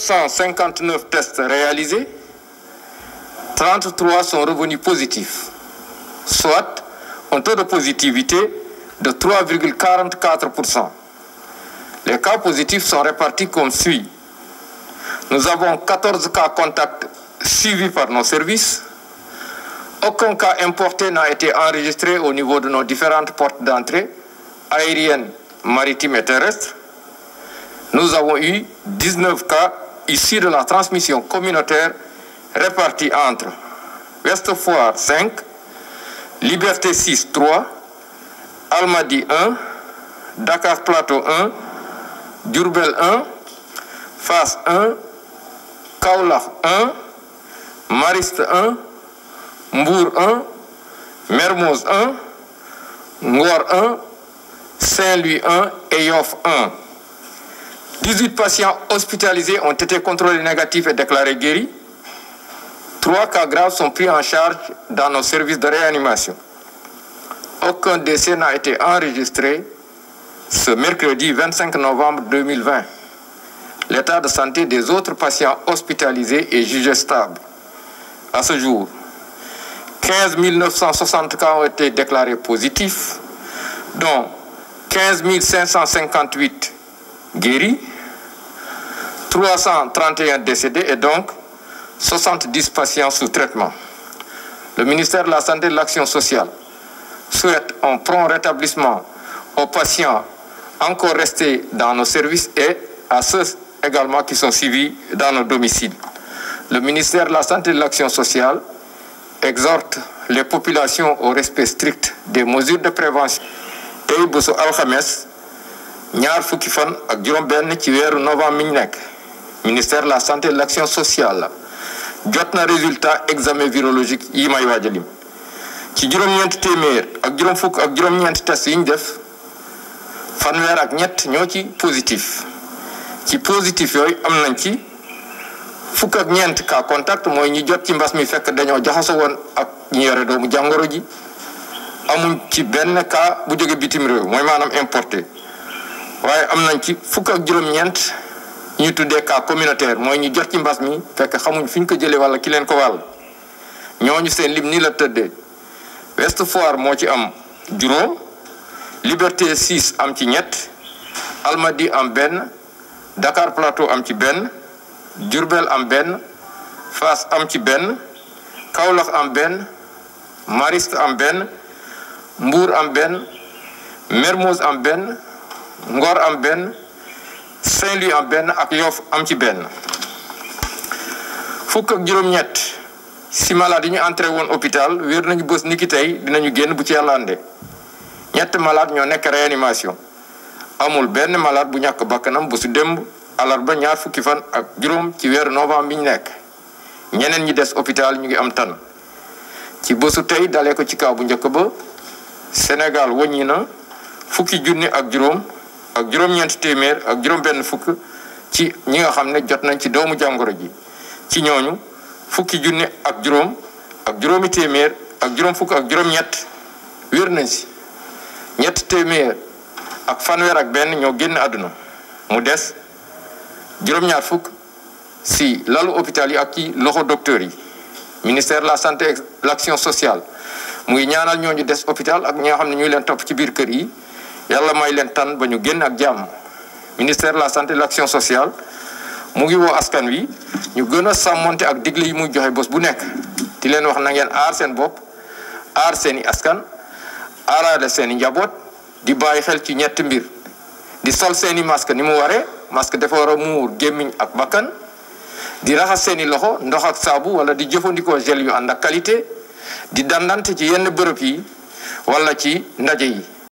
759 tests réalisés, 33 sont revenus positifs, soit un taux de positivité de 3,44%. Les cas positifs sont répartis comme suit. Nous avons 14 cas contacts suivis par nos services. Aucun cas importé n'a été enregistré au niveau de nos différentes portes d'entrée, aériennes, maritimes et terrestres. Nous avons eu 19 cas issues de la transmission communautaire réparties entre Westfoire 5, Liberté 6 3, Almadi 1, Dakar Plateau 1, Diourbel 1, Fass 1, Kaolack 1, Mariste un Mbour un Mermoz 1, Ngor 1, Saint-Louis 1 et Yoff 18 patients hospitalisés ont été contrôlés négatifs et déclarés guéris. Trois cas graves sont pris en charge dans nos services de réanimation. Aucun décès n'a été enregistré ce mercredi 25 novembre 2020. L'état de santé des autres patients hospitalisés est jugé stable. À ce jour, 15 960 cas ont été déclarés positifs, dont 15 558 guéris, 331 décédés et donc 70 patients sous traitement. Le ministère de la Santé l'Action sociale souhaite un prompt rétablissement aux patients encore restés dans nos services et à ceux également qui sont suivis dans nos domiciles. Le ministère de la Santé et de l'Action sociale exhorte les populations au respect des mesures de prévention. tey bésu alxames ñaar fukki fan ak juróom ci weeru novembre mi ñu nekk. ministère la santé et de l'action sociale jot na résultat examen virologique yi may waaj a lim ci juróom-ñeenti téeméer ak juróom fukk ak juróom-ñeenti test yi ñu def fanweer ak ñett ñoo ci positif ci positif yooyu am nañ ci fukk ak ñeent ka contact mooy ñi jot ci mbas mi fekk dañoo jaxasoo woon ak ñi yore doomu jàngoro ji amuñ ci benn cas bu jóge bitim réew mooy maanam importé waaye am nañ ci fukk ak juróom-ñeent. ñu tuddee cas communautaire mooy ñu jot ci mbas mi fekk xamuñ fi ñu ko jëlee walla ki leen ko wàll ñu seen lim ni la tëdde West Foire moo ci am juróom Liberté 6 am ci ñett Almadi am benn Dakar Plateau am ci benn Diourbel am benn Fass am ci benn Kaolack am benn Mariste am benn Mbour am benn Mermoz am benn Ngor am benn Saint-Louis am benn ak Yoff am ci benn fukk ak juróom-ñett si malade yi ñu entré woon hôpital wéer nañu bës nikki tey dinañu génn bu ci yàlla ñett malade ñoo nekk réanimation amul benn malade bu ñàkk bàkkanam bu su démb alarba ñaar fukki fan ak juróom ci weeru novembre bi ñu nekk ñeneen ñi des hôpital ñu ngi am tan ci bésu tey dalee ko ci kaw bu njëkk ba Sénégal wàññi na fukki junni ak juróom ak juróom-ñeenti téeméer ak juróom-benn fukk ci ñi nga xam ne jot nañ ci doomu jàngoro ji ci ñooñu fukki junne ak juróom ak juróomi téeméer ak juróom fukk ak juróom-ñett wér nañ si ñett téeméer ak fanweer ak benn ñoo génn àdduna mu des juróom-ñaar fukk si lalu hôpital yi ak ci loxo docteur yi ministère de la santé et l'action sociale muy ñaanal ñooñu des hôpital ak ñi nga xam ne ñuy leen topp ci biir kër yi yàlla may leen tànn ba ñu génn ak jàmm ministère la santé de l'action sociale mu ngi woo askan wi ñu gën a sàmmonte ak digle yi muy joxe bos bu nekk di leen wax nangeen aar seen bopp aar seeni askan aaraale seeni njaboot di bàyyi xel ci ñetti mbir di sol seeni masque ni mu waree masque dafa war a muur gémmiñ ak bakkan di raxas seeni loxo ndox ak saabu wala di jëfandikoo gel yu ànd ak qualité di dandante ci yenn bërëb yi wala ci ndaje yi